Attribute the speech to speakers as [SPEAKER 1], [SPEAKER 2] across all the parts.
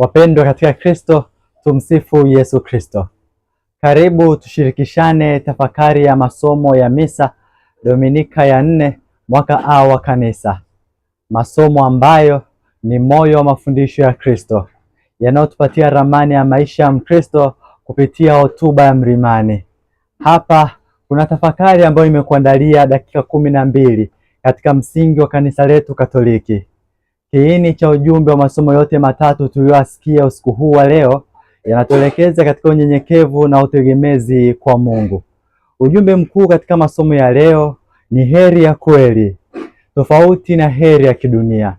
[SPEAKER 1] Wapendwa katika Kristo, tumsifu Yesu Kristo. Karibu tushirikishane tafakari ya masomo ya misa Dominika ya nne mwaka A wa Kanisa, masomo ambayo ni moyo wa mafundisho ya Kristo yanayotupatia ramani ya maisha ya Mkristo kupitia hotuba ya Mlimani. Hapa kuna tafakari ambayo imekuandalia dakika kumi na mbili katika msingi wa kanisa letu Katoliki. Kiini cha ujumbe wa masomo yote matatu tuliyoasikia usiku huu wa leo yanatuelekeza katika unyenyekevu na utegemezi kwa Mungu. Ujumbe mkuu katika masomo ya leo ni heri ya kweli tofauti na heri ya kidunia.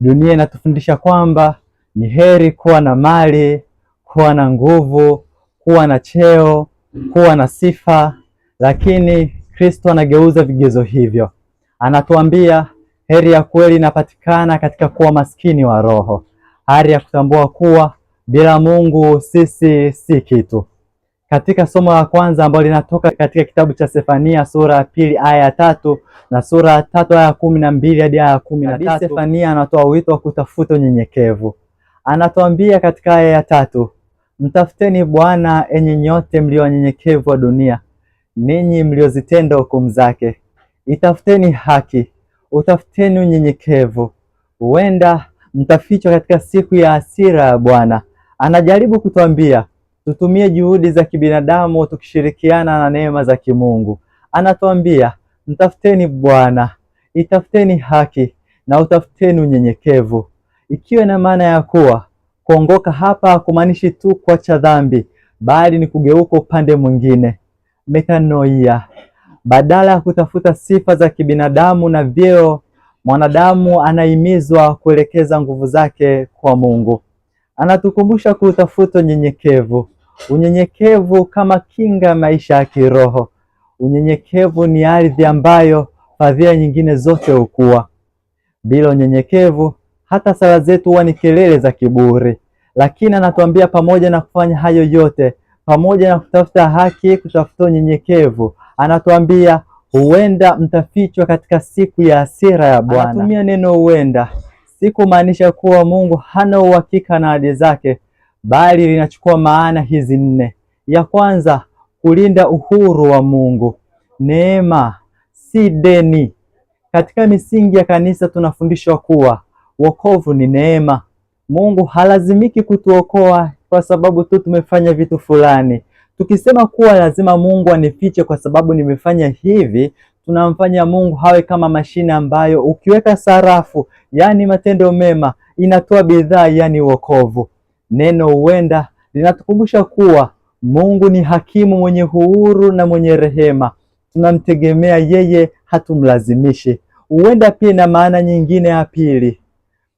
[SPEAKER 1] Dunia inatufundisha kwamba ni heri kuwa na mali, kuwa na nguvu, kuwa na cheo, kuwa na sifa, lakini Kristo anageuza vigezo hivyo, anatuambia Heri ya kweli inapatikana katika kuwa maskini wa roho, hali ya kutambua kuwa bila Mungu sisi si kitu. Katika somo la kwanza ambalo linatoka katika kitabu cha Sefania sura ya pili aya ya tatu na sura ya tatu aya ya kumi na mbili hadi aya ya kumi na tatu Sefania anatoa wito wa kutafuta unyenyekevu. Anatuambia katika aya ya tatu, mtafuteni Bwana enye nyote mlio wanyenyekevu wa dunia, ninyi mliozitenda hukumu zake, itafuteni haki utafuteni unyenyekevu, huenda mtafichwa katika siku ya hasira ya Bwana. Anajaribu kutuambia tutumie juhudi za kibinadamu tukishirikiana na neema za kimungu. Anatuambia mtafuteni Bwana, itafuteni haki na utafuteni unyenyekevu, ikiwa na maana ya kuwa kuongoka hapa hakumaanishi tu kuacha dhambi, bali ni kugeuka upande mwingine, metanoia. Badala ya kutafuta sifa za kibinadamu na vyeo, mwanadamu anahimizwa kuelekeza nguvu zake kwa Mungu. Anatukumbusha kuutafuta unyenyekevu, unyenyekevu kama kinga maisha ya kiroho. Unyenyekevu ni ardhi ambayo fadhila nyingine zote hukua. Bila unyenyekevu, hata sala zetu huwa ni kelele za kiburi, lakini anatuambia pamoja na kufanya hayo yote, pamoja na kutafuta haki, kutafuta unyenyekevu anatuambia huenda mtafichwa katika siku ya hasira ya Bwana. Anatumia
[SPEAKER 2] neno huenda, si kumaanisha kuwa Mungu hana uhakika na ahadi zake, bali linachukua maana hizi nne. Ya kwanza, kulinda uhuru wa Mungu. Neema si deni. Katika misingi ya kanisa tunafundishwa kuwa wokovu ni neema. Mungu halazimiki kutuokoa kwa sababu tu tumefanya vitu fulani. Tukisema kuwa lazima Mungu anifiche kwa sababu nimefanya hivi, tunamfanya Mungu hawe kama mashine ambayo ukiweka sarafu, yaani matendo mema, inatoa bidhaa, yaani wokovu. Neno huenda linatukumbusha kuwa Mungu ni hakimu mwenye uhuru na mwenye rehema. Tunamtegemea yeye, hatumlazimishi. Huenda pia na maana nyingine ya pili,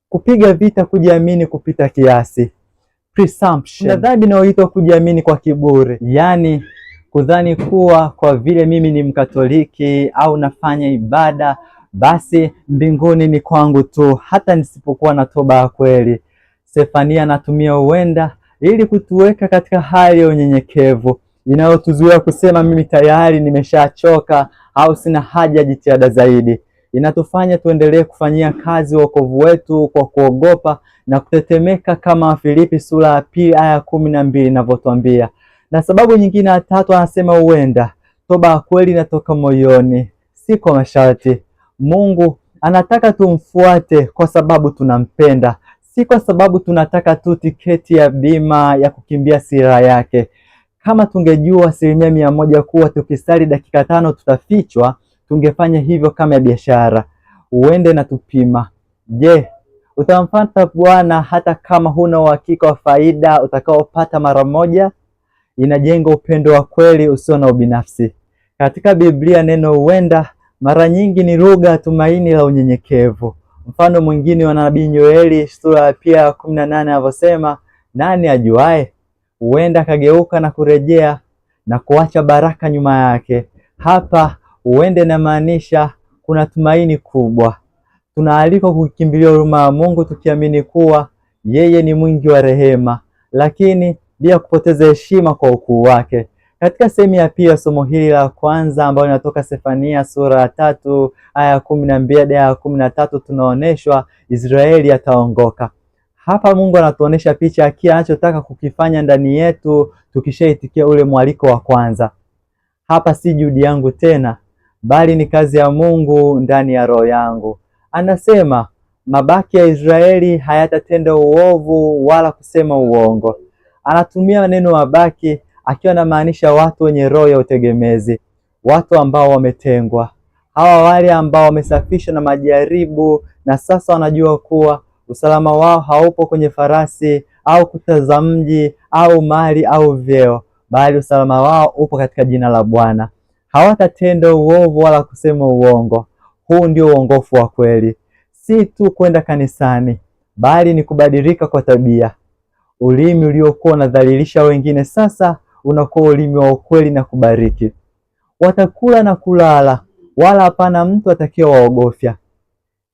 [SPEAKER 2] kupiga vita kujiamini kupita kiasi presumption. Na
[SPEAKER 3] dhambi inayoitwa kujiamini kwa kiburi, yaani kudhani kuwa kwa vile mimi ni Mkatoliki au nafanya ibada basi mbinguni ni kwangu tu, hata nisipokuwa na toba ya kweli. Stefania anatumia uwenda ili kutuweka katika hali ya unyenyekevu inayotuzuia kusema mimi tayari nimeshachoka au sina haja ya jitihada zaidi inatufanya tuendelee kufanyia kazi wokovu wetu kwa kuogopa na kutetemeka kama Filipi sura ya pili aya ya kumi na mbili inavyotwambia. Na sababu nyingine ya tatu anasema huenda toba ya kweli inatoka moyoni, si kwa masharti. Mungu anataka tumfuate kwa sababu tunampenda, si kwa sababu tunataka tu tiketi ya bima ya kukimbia sira yake. Kama tungejua asilimia mia moja kuwa tukisali dakika tano tutafichwa tungefanya hivyo kama ya biashara. Uende na tupima, je, utamfuata Bwana hata kama huna uhakika wa faida utakaopata mara moja? Inajenga upendo wa kweli usio na ubinafsi. Katika Biblia neno huenda mara nyingi ni lugha ya tumaini la unyenyekevu. Mfano mwingine wa nabii Yoeli sura ya pia kumi na nane anavyosema, nani ajuae? Huenda akageuka na kurejea na kuacha baraka nyuma yake. Hapa uende inamaanisha kuna tumaini kubwa. Tunaalikwa kukimbilia huruma ya Mungu tukiamini kuwa yeye ni mwingi wa rehema, lakini bila kupoteza heshima kwa ukuu wake. Katika sehemu ya pili ya somo hili la kwanza ambayo inatoka Sefania sura ya tatu aya ya kumi na mbili hadi ya kumi na tatu tunaonyeshwa Israeli ataongoka. Hapa Mungu anatuonesha picha ya kile anachotaka kukifanya ndani yetu tukishaitikia ule mwaliko wa kwanza. Hapa si juhudi yangu tena, bali ni kazi ya Mungu ndani ya roho yangu. Anasema mabaki ya Israeli hayatatenda uovu wala kusema uongo. Anatumia neno mabaki akiwa anamaanisha watu wenye roho ya utegemezi, watu ambao wametengwa, hawa wale ambao wamesafishwa na majaribu na sasa wanajua kuwa usalama wao haupo kwenye farasi au kuta za mji au mali au vyeo, bali usalama wao upo katika jina la Bwana hawatatenda uovu wala kusema uongo. Huu ndio uongofu wa kweli, si tu kwenda kanisani, bali ni kubadilika kwa tabia. Ulimi uliokuwa unadhalilisha wengine sasa unakuwa ulimi wa ukweli na kubariki. Watakula na kulala, wala hapana mtu waogofya.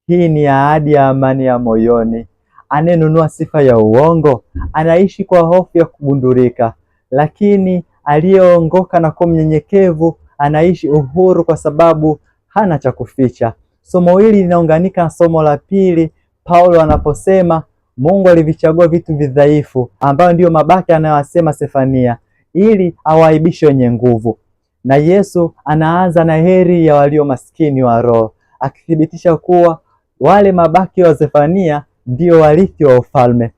[SPEAKER 3] Hii ni ahadi ya amani ya moyoni. Anayenunua sifa ya uongo anaishi kwa hofu ya kugundulika, lakini aliyeongoka na kuwa mnyenyekevu anaishi uhuru kwa sababu hana cha kuficha. Somo hili linaunganika na somo la pili, Paulo anaposema Mungu alivichagua vitu vidhaifu, ambayo ndiyo mabaki anayosema Sefania, ili awaibishe wenye nguvu. Na Yesu anaanza na heri ya walio maskini wa roho, akithibitisha kuwa wale mabaki wa Sefania ndio warithi wa ufalme.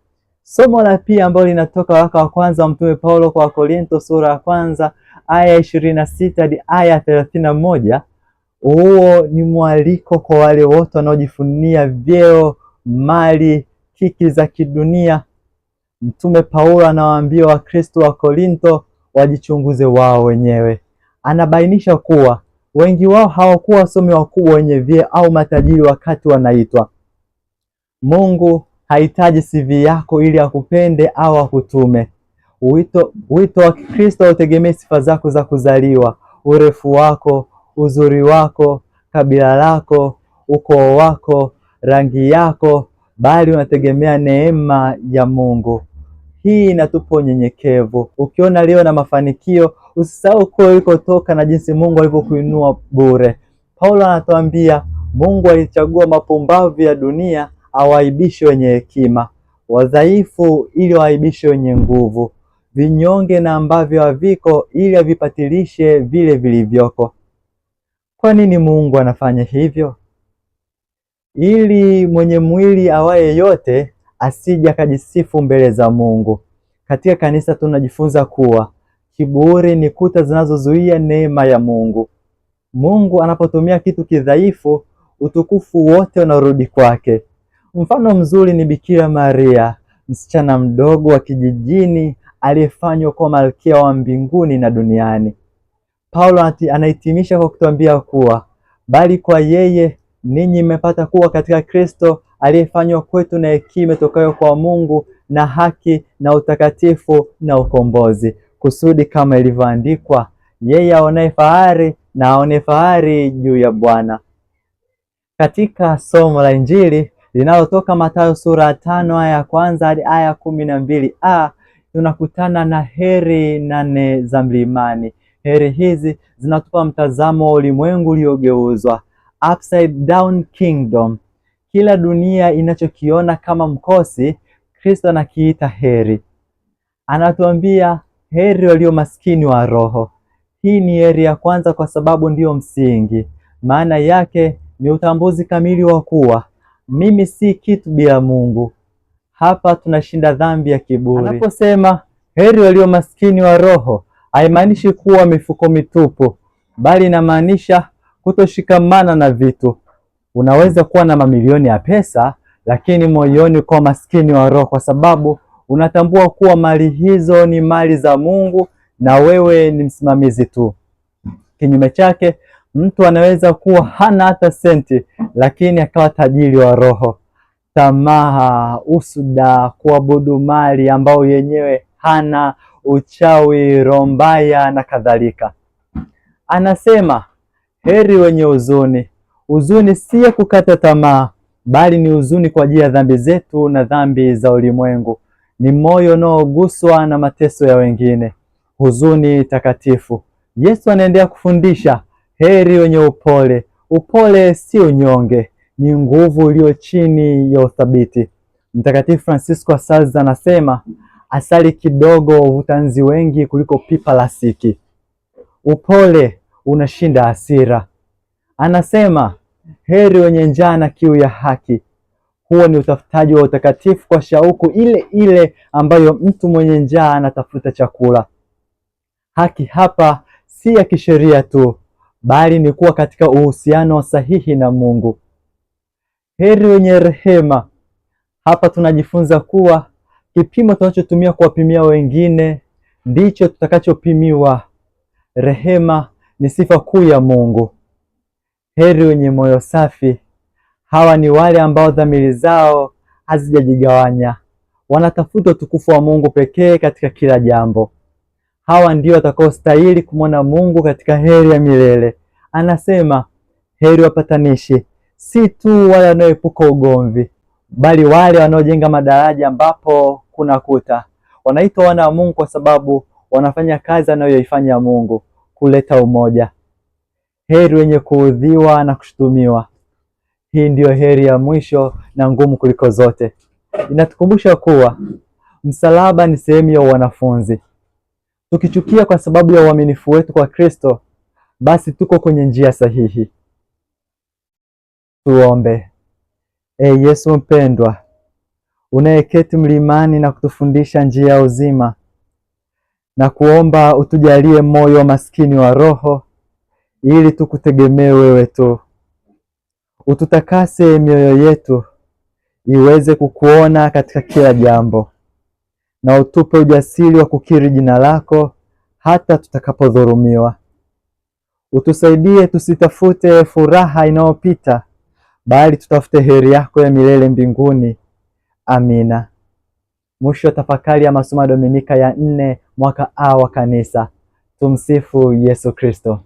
[SPEAKER 3] Somo la pili ambalo linatoka waraka wa kwanza wa Mtume Paulo kwa Wakorintho sura ya kwanza aya ishirini na sita hadi aya thelathini na moja huo ni mwaliko kwa wale wote wanaojifunia vyeo, mali, kiki za kidunia. Mtume Paulo anawaambia Wakristo wa Korinto wajichunguze wao wenyewe. Anabainisha kuwa wengi wao hawakuwa wasomi wakubwa wenye vyeo au matajiri wakati wanaitwa. Mungu hahitaji CV yako ili akupende au akutume. Wito, wito wa Kikristo hautegemei sifa zako za kuzaliwa, urefu wako, uzuri wako, kabila lako, ukoo wako, rangi yako, bali unategemea neema ya Mungu. Hii inatupa unyenyekevu. Ukiona leo na mafanikio, usisahau kule ulikotoka na jinsi Mungu alivyokuinua bure. Paulo anatuambia Mungu alichagua mapumbavu ya dunia awaibishe wenye hekima, wadhaifu ili waaibishe wenye nguvu vinyonge na ambavyo haviko, ili avipatilishe vile vilivyoko. Kwa nini Mungu anafanya hivyo? Ili mwenye mwili awaye yote asije akajisifu mbele za Mungu. Katika kanisa tunajifunza kuwa kiburi ni kuta zinazozuia neema ya Mungu. Mungu anapotumia kitu kidhaifu, utukufu wote unarudi kwake. Mfano mzuri ni Bikira Maria, msichana mdogo wa kijijini aliyefanywa kuwa malkia wa mbinguni na duniani. Paulo anahitimisha kwa kutuambia kuwa bali kwa yeye ninyi mmepata kuwa katika Kristo aliyefanywa kwetu na hekima itokayo kwa Mungu na haki na utakatifu na ukombozi, kusudi kama ilivyoandikwa, yeye aonaye fahari na aone fahari juu ya Bwana. Katika somo la Injili linalotoka Mathayo sura ya tano aya ya kwanza hadi aya ya kumi na mbili a tunakutana na heri nane za mlimani. Heri hizi zinatupa mtazamo wa ulimwengu uliogeuzwa, upside down kingdom. Kila dunia inachokiona kama mkosi, Kristo anakiita heri. Anatuambia heri walio maskini wa roho. Hii ni heri ya kwanza kwa sababu ndiyo msingi. Maana yake ni utambuzi kamili wa kuwa mimi si kitu bila Mungu. Hapa tunashinda dhambi ya kiburi.
[SPEAKER 4] Anaposema heri walio maskini wa roho, haimaanishi kuwa mifuko mitupu, bali inamaanisha kutoshikamana na vitu. Unaweza kuwa na mamilioni ya pesa, lakini moyoni kwa maskini wa roho, kwa sababu unatambua kuwa mali hizo ni mali za Mungu na wewe ni msimamizi tu. Kinyume chake, mtu anaweza kuwa hana hata senti, lakini akawa tajiri wa roho tamaa, usuda, kuabudu mali ambao yenyewe hana, uchawi, rombaya na kadhalika. Anasema heri wenye huzuni. Huzuni si ya kukata tamaa, bali ni huzuni kwa ajili ya dhambi zetu na dhambi za ulimwengu. Ni moyo unaoguswa na mateso ya wengine, huzuni takatifu. Yesu anaendelea kufundisha heri wenye upole. Upole si unyonge ni nguvu iliyo chini ya uthabiti. Mtakatifu Francisco wa Sales anasema asali kidogo huvuta nzi wengi kuliko pipa la siki. Upole unashinda hasira. Anasema heri wenye njaa na kiu ya haki. Huo ni utafutaji wa utakatifu kwa shauku ile ile ambayo mtu mwenye njaa anatafuta chakula. Haki hapa si ya kisheria tu, bali ni kuwa katika uhusiano sahihi na Mungu heri wenye rehema. Hapa tunajifunza kuwa kipimo tunachotumia kuwapimia wengine ndicho tutakachopimiwa. Rehema ni sifa kuu ya Mungu. Heri wenye moyo safi, hawa ni wale ambao dhamiri zao hazijajigawanya, wanatafuta utukufu wa Mungu pekee katika kila jambo. Hawa ndio watakaostahili kumwona Mungu katika heri ya milele. Anasema heri wapatanishi si tu wale wanaoepuka ugomvi, bali wale wanaojenga madaraja ambapo kuna kuta. Wanaitwa wana wa Mungu kwa sababu wanafanya kazi anayoifanya Mungu, kuleta umoja. Heri wenye kuudhiwa na kushutumiwa. Hii ndiyo heri ya mwisho na ngumu kuliko zote. Inatukumbusha kuwa msalaba ni sehemu ya wanafunzi. Tukichukia kwa sababu ya uaminifu wetu kwa Kristo, basi tuko kwenye njia sahihi.
[SPEAKER 5] Tuombe. E Yesu mpendwa, unayeketi mlimani na kutufundisha njia ya uzima, na kuomba utujalie moyo wa maskini wa roho, ili tukutegemee wewe tu. Ututakase mioyo yetu iweze kukuona katika kila jambo, na utupe ujasiri wa kukiri jina lako hata tutakapodhulumiwa. Utusaidie tusitafute furaha inayopita bali tutafute heri yako ya milele mbinguni. Amina. Mwisho tafakari ya masomo ya Dominika ya nne mwaka A wa Kanisa. Tumsifu Yesu Kristo.